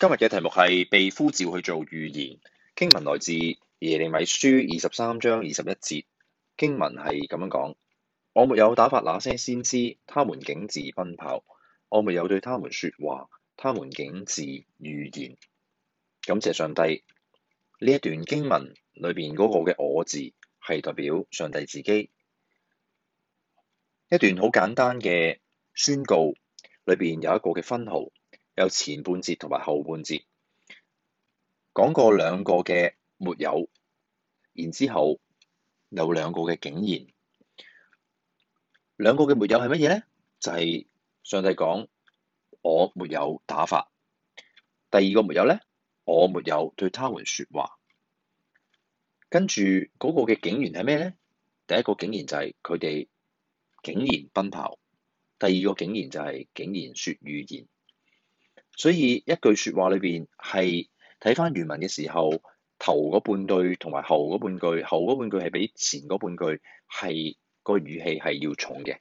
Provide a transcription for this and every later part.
今日嘅題目係被呼召去做預言，經文來自耶利米書二十三章二十一節，經文係咁樣講：我沒有打發那些先知，他們竟自奔跑；我沒有對他們說話，他們竟自預言。感謝上帝，呢一段經文裏邊嗰個嘅我字係代表上帝自己。一段好簡單嘅宣告，裏邊有一個嘅分號。有前半節同埋後半節，講過兩個嘅沒有，然之後有兩個嘅竟然，兩個嘅沒有係乜嘢咧？就係上帝講我沒有打發。第二個沒有咧，我沒有對他們説話。跟住嗰個嘅竟然係咩咧？第一個竟然就係佢哋竟然奔跑，第二個竟然就係竟然説預言。所以一句説話裏邊係睇返原文嘅時候，頭嗰半句同埋後嗰半句，後嗰半句係比前嗰半句係個語氣係要重嘅。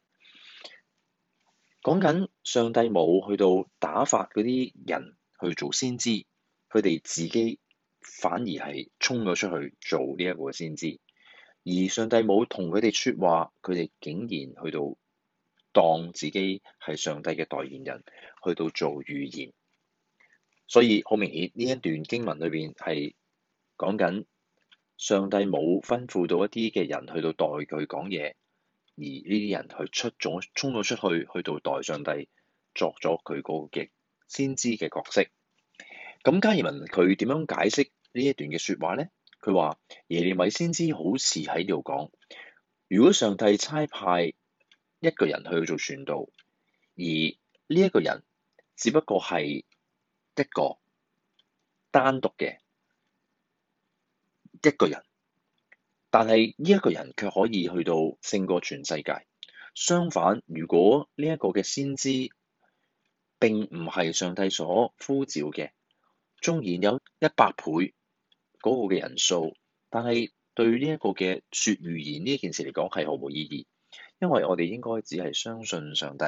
講緊上帝冇去到打發嗰啲人去做先知，佢哋自己反而係衝咗出去做呢一個先知。而上帝冇同佢哋説話，佢哋竟然去到當自己係上帝嘅代言人，去到做預言。所以好明顯，呢一段經文裏邊係講緊上帝冇吩咐到一啲嘅人去到代佢講嘢，而呢啲人去出咗，衝咗出去，去到代上帝作咗佢個嘅先知嘅角色。咁、嗯、加爾文佢點樣解釋呢一段嘅説話咧？佢話耶利米先知好似喺度講，如果上帝差派一個人去做傳道，而呢一個人只不過係，一個單獨嘅一個人，但係呢一個人卻可以去到勝過全世界。相反，如果呢一個嘅先知並唔係上帝所呼召嘅，縱然有一百倍嗰個嘅人數，但係對呢一個嘅說預言呢一件事嚟講係毫無意義，因為我哋應該只係相信上帝。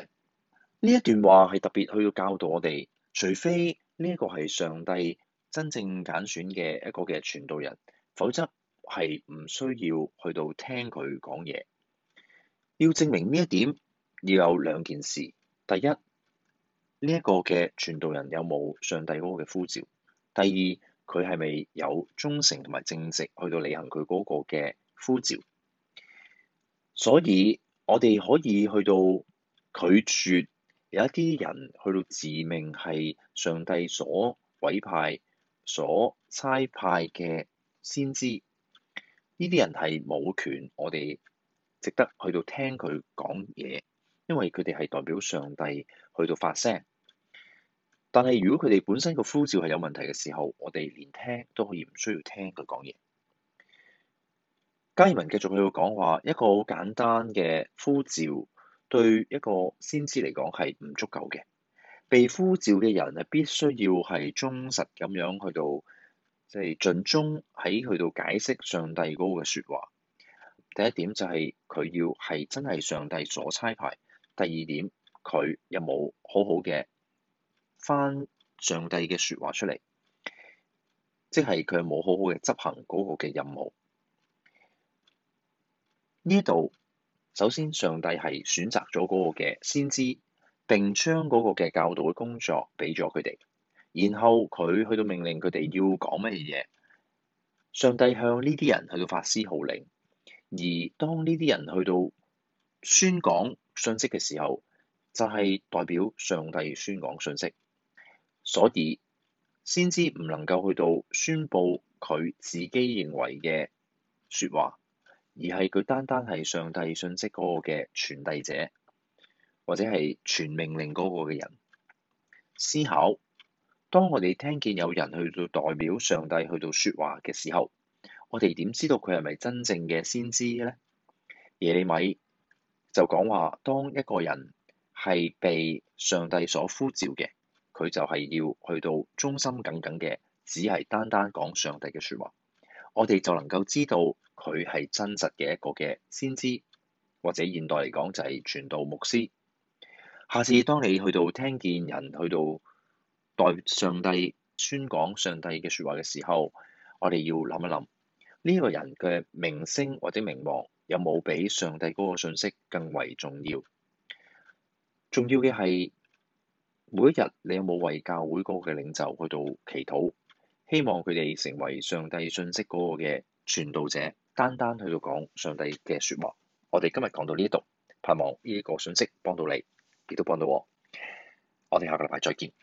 呢一段話係特別去到教導我哋，除非。呢一個係上帝真正揀選嘅一個嘅傳道人，否則係唔需要去到聽佢講嘢。要證明呢一點，要有兩件事。第一，呢一個嘅傳道人有冇上帝嗰個嘅呼召；第二，佢係咪有忠誠同埋正直去到履行佢嗰個嘅呼召？所以，我哋可以去到拒絕。有一啲人去到自命係上帝所委派、所差派嘅先知，呢啲人係冇權，我哋值得去到聽佢講嘢，因為佢哋係代表上帝去到發聲。但係如果佢哋本身個呼召係有問題嘅時候，我哋連聽都可以唔需要聽佢講嘢。加爾文繼續喺度講話一個好簡單嘅呼召，對一個先知嚟講係唔足夠嘅，被呼召嘅人係必須要係忠實咁樣去到，即係盡忠喺去，去到解釋上帝嗰個説話。第一點就係佢要係真係上帝所差派；第二點佢有冇好好嘅翻上帝嘅説話出嚟，即係佢有冇好好嘅執行嗰個嘅任務。呢度。首先，上帝係選擇咗嗰個嘅先知，並將嗰個嘅教導嘅工作俾咗佢哋。然後佢去到命令佢哋要講乜嘢，上帝向呢啲人去到發施號令。而當呢啲人去到宣講信息嘅時候，就係代表上帝宣講信息。所以先知唔能夠去到宣布佢自己認為嘅說話。而係佢單單係上帝信息嗰個嘅傳遞者，或者係傳命令嗰個嘅人思考。當我哋聽見有人去到代表上帝去到説話嘅時候，我哋點知道佢係咪真正嘅先知呢？耶利米就講話：當一個人係被上帝所呼召嘅，佢就係要去到忠心耿耿嘅，只係單單講上帝嘅説話。我哋就能夠知道。佢係真實嘅一個嘅先知，或者現代嚟講就係傳道牧師。下次當你去到聽見人去到代上帝宣講上帝嘅説話嘅時候，我哋要諗一諗呢一個人嘅名聲或者名望有冇比上帝嗰個信息更為重要？重要嘅係每一日你有冇為教會嗰個嘅領袖去到祈禱，希望佢哋成為上帝信息嗰個嘅傳道者單單去到講上帝嘅説話，我哋今日講到呢度，盼望呢個信息幫到你，亦都幫到我，我哋下個禮拜再見。